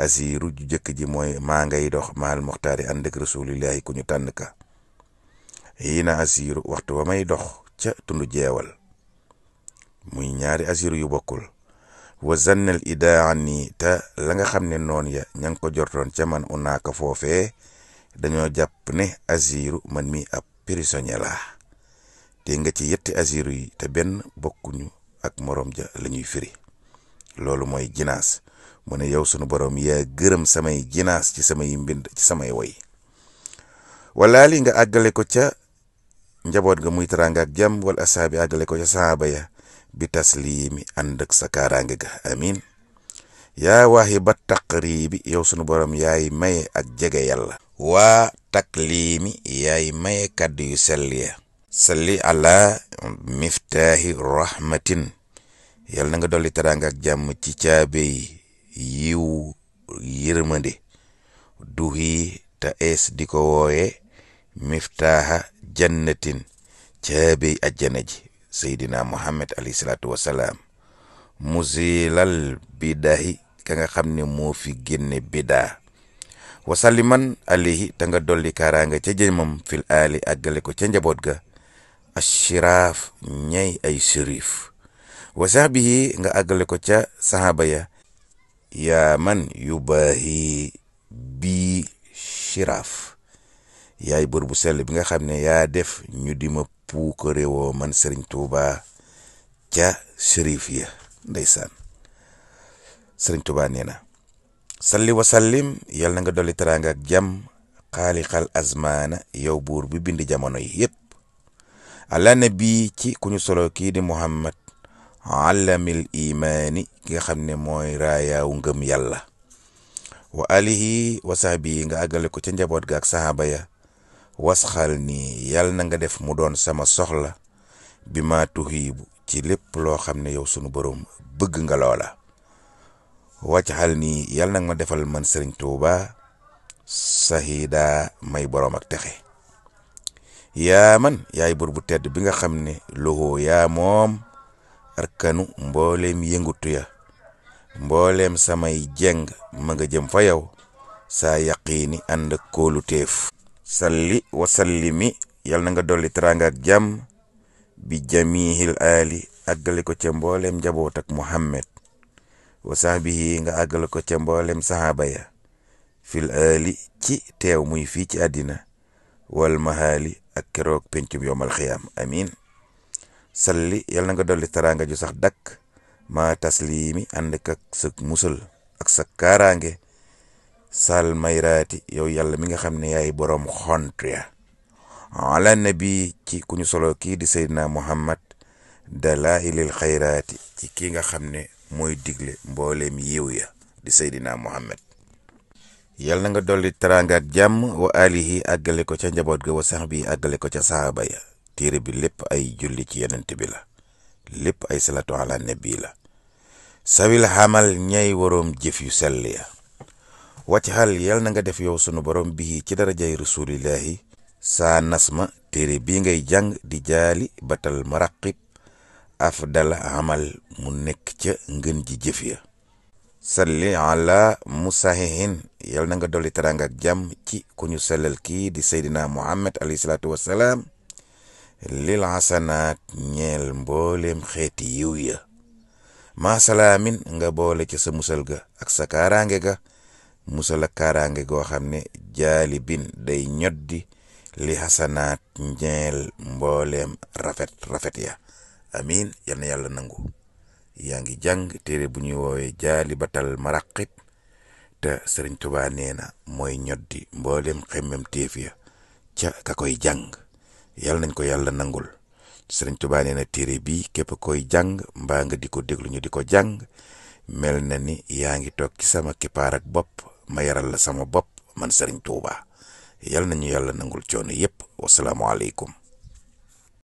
asiru ju jëkk ji mooy maa ngay dox maal muxtaari ànd ak rasulillahi ku ñu tànn ka yii na asiru waxtu ba may dox ca tund jeewal muy ñaari asiru yu bokkul wa zannal idaa nii te la nga xam ne noon ya ña ngi ko jortoon ca man unaaka foofee dañoo jàpp ne asiru man mi ab prisonnier la te nga ci yetti asiru yi te benn bokkuñu ak morom ja lañuy ñuy firi loolu mooy jinaas mu ne yow sunu borom yaa gërëm samay jinaas ci samay mbind ci samay woy walaa li nga àggale ko ca njaboot ga muy teraanga ak jàmm wala asaabi àggale ko ca saaba ya bi tasliimi ànd ak sa kaaraange ga amiin yaa waaxi ba taqriibi yow sunu borom yaay maye ak jege yàlla waa takliimi yaay maye kàddu yu sell ya salli ala rahmatin yàlla na nga dolli teraanga ak jàmm ci caabe yiw yërmande duxii ta ees di ko wooye miftaaha jannatin caabey ajjana ji seydina muhammad alayhi salaatu wasalaam musilal bidahi ka nga xam ne moo fi génne bidaa wasaliman alayhi ta nga dolli kaaraanga ca jëmam fil aali àggale ko ca njaboot ga ashiraaf ñay ay shérif wa sahbihi nga àggale ko ca sahaba ya yaa man yubaahi bii shiraaf yaay buur bu sell bi nga xam ne yaa def ñu di ma puukare woo man sëriñ Tuuba ca shérif ya ndeysaan sëriñ Tuuba nee na salli wa sallim yàlla na nga dolli teraanga ak jàmm xaaliqal azmaana yow buur bi bind jamono yi yëpp ala ci ku ñu solo kii di muhammad alamil imaani ki nga xam ne mooy raayaawu ngëm yàlla wa alihi wa sahbi nga àggale ko ca njaboot ga ak sahaaba ya wasxal nii yàlla na nga def mu doon sama soxla bi ma tuhiibu ci lépp loo xam ne yow sunu borom bëgg nga loola wàccaxal nii ni na nga ma defal man sëriñ Tuuba sahida may borom ak texe yaa man yaay bu tedd bi nga xam ne loxo yaa moom arkanu mboolem yëngutu ya mbooleem samay jeng ma nga jëm fa yow sa yaqiini ànd ak kóolu téef salli wa sallimi yal na nga dolli teraanga ak jàmm bi jamihil aali àggale ko ca mbooleem njaboot ak muhammad wa sahbihi nga àggale ko ca mbooleem sahaaba ya fil ci teew muy fii ci àddina wal mahaali ak keroog pencum yowmal xiyaam amin salli yal na nga dolli taraanga ju sax dakk ma tasliimi ànd ak sa musal ak sa kaaraange sal mayraati yow yàlla mi nga xam ne yaay boroom xont ya ala nabi ci ku ñu solo kii di seydina muhammad dalailil xayraati ci kii nga xam ne mooy digle mbooleem yiw ya di seydina muhammad yàlla nga dolli teraanga ak jàmm wa alihi àggale ko ca njaboot ga wa sax bi àggale ko ca sahaaba ya téere bi lépp ay julli ci yonent bi la lépp ay salatu ala nabi la sawil xamal ñay waroom jëf yu sell ya wàcc xal na nga def yow sunu borom bii ci darajay rasulillahi saa nasma téere bii ngay jàng di jaali batal maraqib afdal amal mu nekk ca ngën ji jëf ya salli ala musahihin yal na nga dolli teraanga ak jàmm ci ku ñu sellal kii di seydina muhammad alayhi salaatu wassalaam lil xasanaat ñeel mbooleem xeeti yiw ya maasalaamin nga boole ci sa musal ga ak sa kaaraange ga musal ak kaaraange goo xam ne jaali bin day ñoddi li xasanaat ñeel mbooleem rafet rafet ya amin yal na yàlla nangu yaa ngi jàng téere bu ñuy woowee jaali batal maraqib te sëriñ Tuubaa nee na mooy ñoddi mbooleem xemmem téef ka koy jàng yàlla nañ ko yàlla nangul sëriñ Tuubaa nee na téere bii képp koy jàng mbaa nga di ko déglu ñu di ko jàng mel na ni yaa ngi toog ci sama kippaar bop ma yaral la sama bopp man sëriñ Tuubaa yàlla nañu yàlla nangul coono yépp wasalaamualeykum